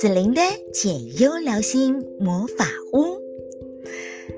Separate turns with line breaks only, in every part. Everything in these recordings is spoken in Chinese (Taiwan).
子玲的解憂療心魔法屋，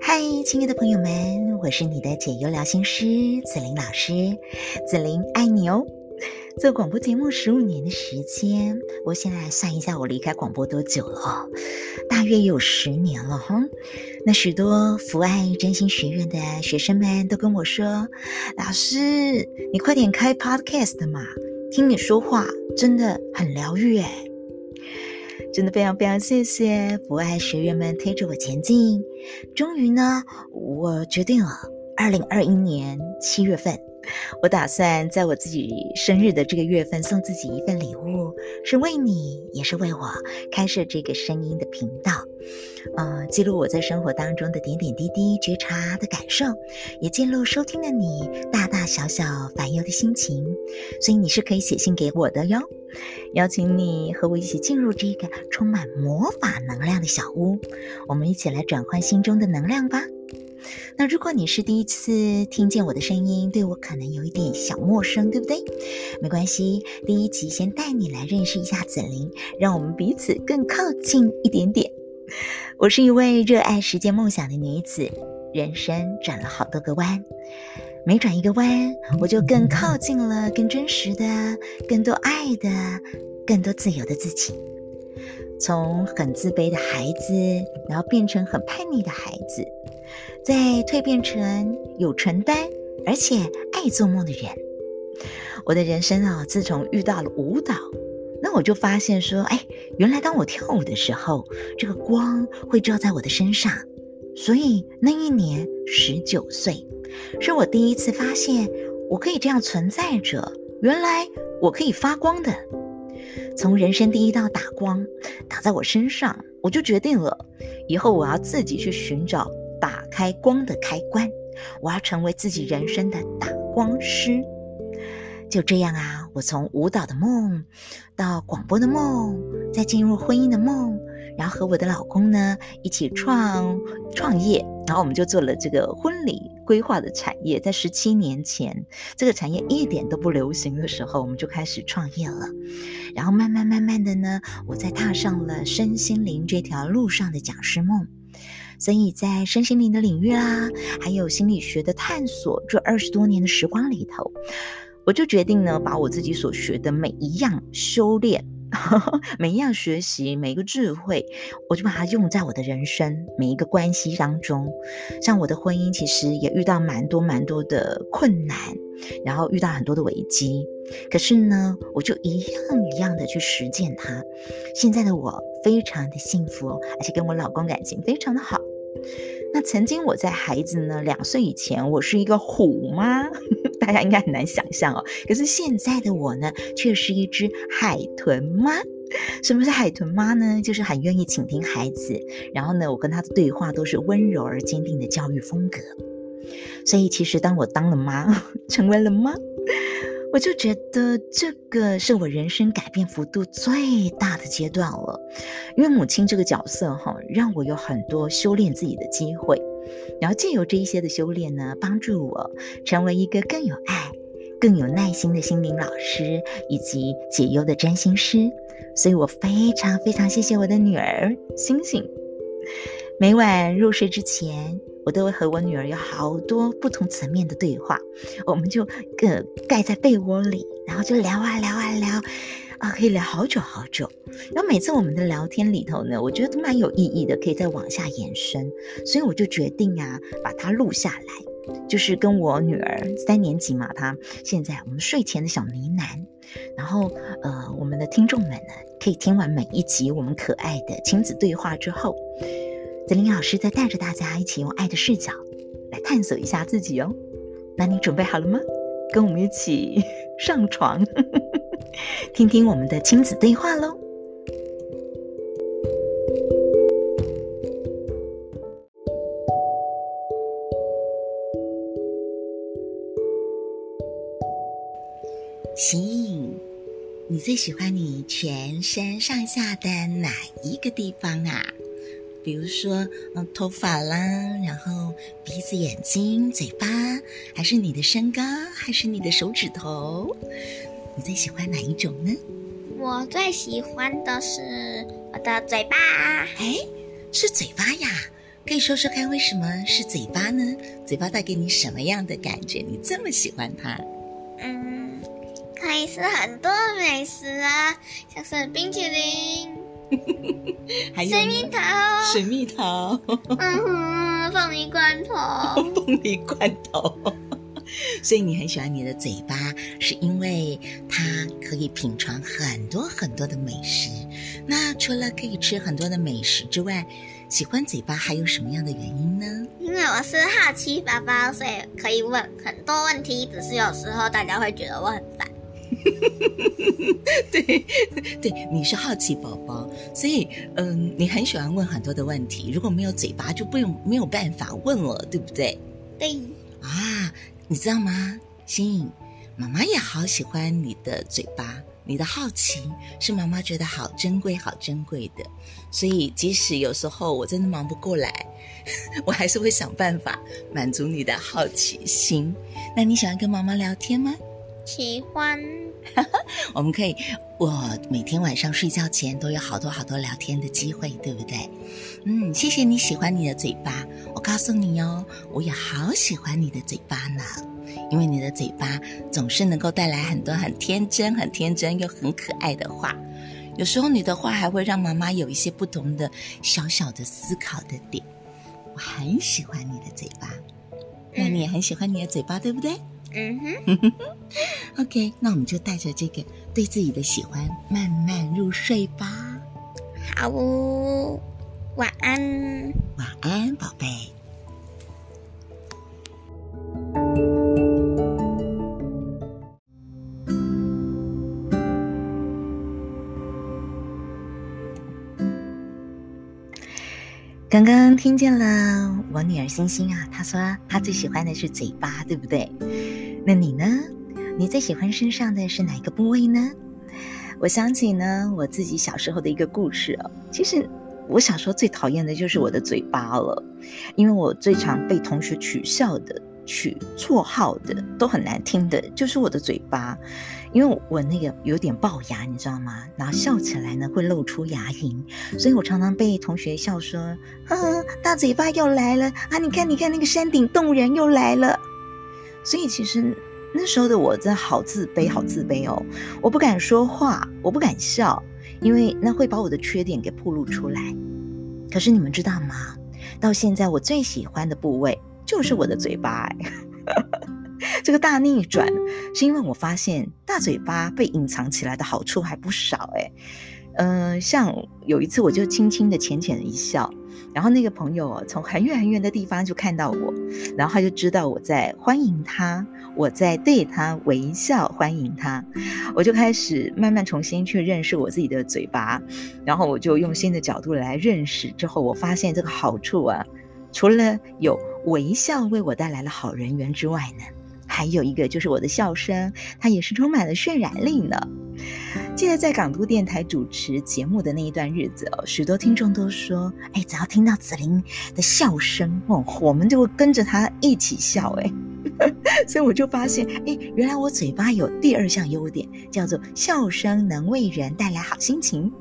嗨，親愛的朋友們，我是你的解憂療心師子玲老師，子玲愛你哦！做廣播節目十五年的時間，我現在算一下，我離開廣播多久了？大約有十年了哈。那許多福愛真心學院的學生們都跟我說：“老師，你快點開 podcast 嘛，聽你說話真的很療癒誒真的非常非常謝謝博愛學員們推着我前進。終於呢，我決定了，二零二一年七月份，我打算在我自己生日的這個月份送自己一份禮物，是為你，也是為我開設這個聲音的頻道，呃，記錄我在生活當中的點點滴滴、覺察的感受，也記錄收聽的你。那小小煩憂的心情，所以你是可以寫信給我的喲。邀請你和我一起進入這個充滿魔法能量的小屋，我們一起來轉換心中的能量吧。那如果你是第一次聽見我的聲音，對我可能有一點小陌生，對不對？沒關係，第一集先帶你來認識一下子玲，讓我們彼此更靠近一點點。我是一位熱愛實踐夢想的女子，人生轉了好多個彎。每轉一個彎，我就更靠近了，更真實的、更多愛的、更多自由的自己。從很自卑的孩子，然後變成很叛逆的孩子，再蛻變成有承擔而且愛做夢的人。我的人生啊，自從遇到了舞蹈，那我就發現說，哎，原來當我跳舞的時候，這個光會照在我的身上。所以那一年，十九歲。是我第一次發現，我可以這樣存在着。原來我可以發光的。從人生第一道打光打在我身上，我就決定了，以後我要自己去尋找打開光的開關，我要成為自己人生的打光師。就這樣啊，我從舞蹈的夢到廣播的夢，再進入婚姻的夢。然後和我的老公呢，一起創創業，然後我們就做了這個婚禮規劃的產業。在十七年前，這個產業一點都不流行的時候，我們就開始創業了。然後慢慢慢慢的呢，我再踏上了身心靈這條路上的講師夢。所以在身心靈的領域啦，還有心理學的探索，這二十多年的時光裡頭，我就決定呢，把我自己所學的每一樣修煉。 每一樣學習，每一個智慧，我就把它用在我的人生每一個關係當中。像我的婚姻，其實也遇到蠻多蠻多的困難，然後遇到很多的危機。可是呢，我就一樣一樣的去實踐它。現在的我非常的幸福，而且跟我老公感情非常的好。那曾經我在孩子呢兩歲以前，我是一個虎媽，大家應該很難想象哦。可是現在的我呢，卻是一只海豚媽。什麼是海豚媽呢？就是很願意傾聽孩子，然後呢，我跟他的對話都是溫柔而堅定的教育風格。所以其實當我當了媽，成為了媽。我就覺得這個是我人生改變幅度最大的階段了，因為母親這個角色哈，讓我有很多修煉自己的機會，然後借由這一些的修煉呢，幫助我成為一個更有愛、更有耐心的心靈老師，以及解憂的占星師。所以我非常非常謝謝我的女兒昕昕，每晚入睡之前，我都會和我女兒有好多不同層面的對話，我們就、呃、蓋在被窩裡，然後就聊啊聊啊聊，啊可以聊好久好久。然後每次我們的聊天裡頭呢，我覺得都蠻有意義的，可以再往下延伸。所以我就決定啊，把它錄下來，就是跟我女兒三年級嘛，她現在我們睡前的小呢喃。然後呃，我們的聽眾們呢，可以聽完每一集我們可愛的親子對話之後。子玲老師在帶着大家一起用愛的視角來探索一下自己哦。那你準備好了嗎？跟我們一起上床，呵呵聽聽我們的親子對話嘍。昕昕，你最喜歡你全身上下的哪一個地方啊？比如說，嗯，頭髮啦，然後鼻子、眼睛、嘴巴，還是你的身高，還是你的手指頭？你最喜歡哪一種呢？我最喜歡的是我的嘴巴。哎，是嘴巴呀？可以說說看，為什麼是嘴巴呢？嘴巴帶給你什麼樣的感覺？你這麼喜歡它？嗯，可以吃很多美食啊，像是冰淇淋。
還有水蜜桃，水
蜜桃，嗯哼，鳳梨罐頭，鳳梨罐頭。所以你很喜歡你的嘴巴，是因為它可以品嘗很多很多的美食。那除了可以吃很多的美食之外，喜歡嘴巴還有什麼樣的原因呢？因為我是好奇寶寶，所以可以問很多問題，只是有時候大家會覺得我很煩。 對對，你是好奇寶寶。所以，嗯，你很喜歡問很多的問題，如果沒有嘴巴，就不用沒有辦法問了，對不對？對。啊，你知道嗎，昕穎，媽媽也好喜歡你的嘴巴，你的好奇是媽媽覺得好珍貴、好珍貴的。所以，即使有時候我真的忙不過來，我還是會想辦法滿足你的好奇心。那你喜歡跟媽媽聊天嗎？喜歡， 我們可以，我每天晚上睡覺前都有好多好多聊天的機會，對不對？嗯，謝謝你喜歡你的嘴巴，我告訴你哦，我也好喜歡你的嘴巴呢，因為你的嘴巴總是能夠帶來很多很天真、很天真又很可愛的話，有時候你的話還會讓媽媽有一些不同的小小的思考的點，我很喜歡你的嘴巴，那你也很喜歡你的嘴巴，對不對？嗯嗯哼 ，OK，那我們就帶着這個對自己的喜歡慢慢入睡吧。好哦，晚安，晚安，寶貝。剛剛聽見了我女兒昕昕啊，她說她最喜歡的是嘴巴，對不對？那你呢？你最喜歡身上的是哪個部位呢？我想起呢，我自己小時候的一個故事哦、啊。其實，我小時候最討厭的就是我的嘴巴了，因為我最常被同學取笑的、取綽號的都很難聽的，就是我的嘴巴，因為我那個有點齙牙，你知道嗎？然後笑起來呢，會露出牙齦，所以我常常被同學笑說：“呵呵，大嘴巴又來了啊！你看，你看那個山頂洞人又來了。”所以其實那時候的我真的好自卑，好自卑哦！我不敢說話，我不敢笑，因為那會把我的缺點給暴露出來。可是你們知道嗎？到現在我最喜歡的部位就是我的嘴巴、哎， 這個大逆轉是因為我發現大嘴巴被隱藏起來的好處還不少哎。嗯、呃，像有一次我就輕輕的淺淺的一笑。然後那個朋友從很遠很遠的地方就看到我，然後他就知道我在歡迎他，我在對他微笑歡迎他。我就開始慢慢重新去認識我自己的嘴巴，然後我就用新的角度來認識。之後我發現這個好處啊，除了有微笑為我帶來了好人緣之外呢，還有一個就是我的笑聲，它也是充滿了渲染力呢。記得在港都電台主持節目的那一段日子哦，許多聽眾都說：“哎，只要聽到子玲的笑聲哦，我們就會跟着她一起笑誒。”哎，所以我就發現，哎，原來我嘴巴有第二項優點，叫做笑聲能為人帶來好心情。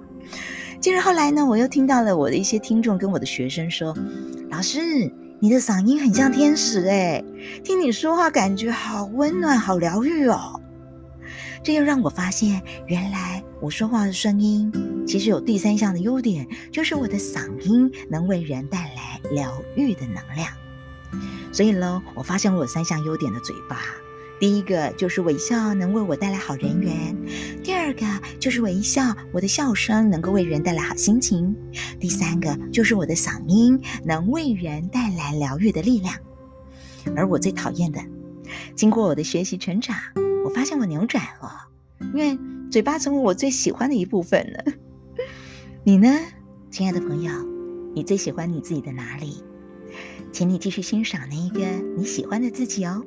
接着後來呢，我又聽到了我的一些聽眾跟我的學生說：“老師，你的嗓音很像天使，哎，聽你說話感覺好溫暖，好療癒哦。”這又讓我發現，原來我說話的聲音其實有第三項的優點，就是我的嗓音能為人帶來療癒的能量。所以呢，我發現我有三項優點的嘴巴。第一個就是微笑能為我帶來好人緣；第二個就是微笑，我的笑聲能夠為人帶來好心情；第三個就是我的嗓音能為人帶來療癒的力量。而我最討厭的，經過我的學習成長。我發現我扭轉了，因為嘴巴成為我最喜歡的一部分了。你呢，親愛的朋友？你最喜歡你自己的哪裡？請你繼續欣賞那一個你喜歡的自己哦。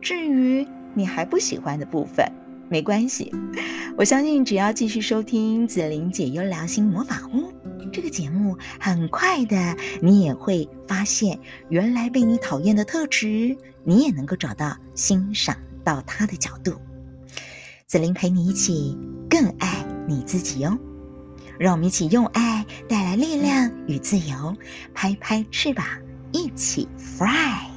至於你還不喜歡的部分，沒關係，我相信只要繼續收聽子玲解憂聊心魔法屋這個節目，很快的你也會發現，原來被你討厭的特質，你也能夠找到欣賞到他的角度，子玲陪你一起更愛你自己哦。讓我們一起用愛帶來力量與自由，拍拍翅膀，一起 fly。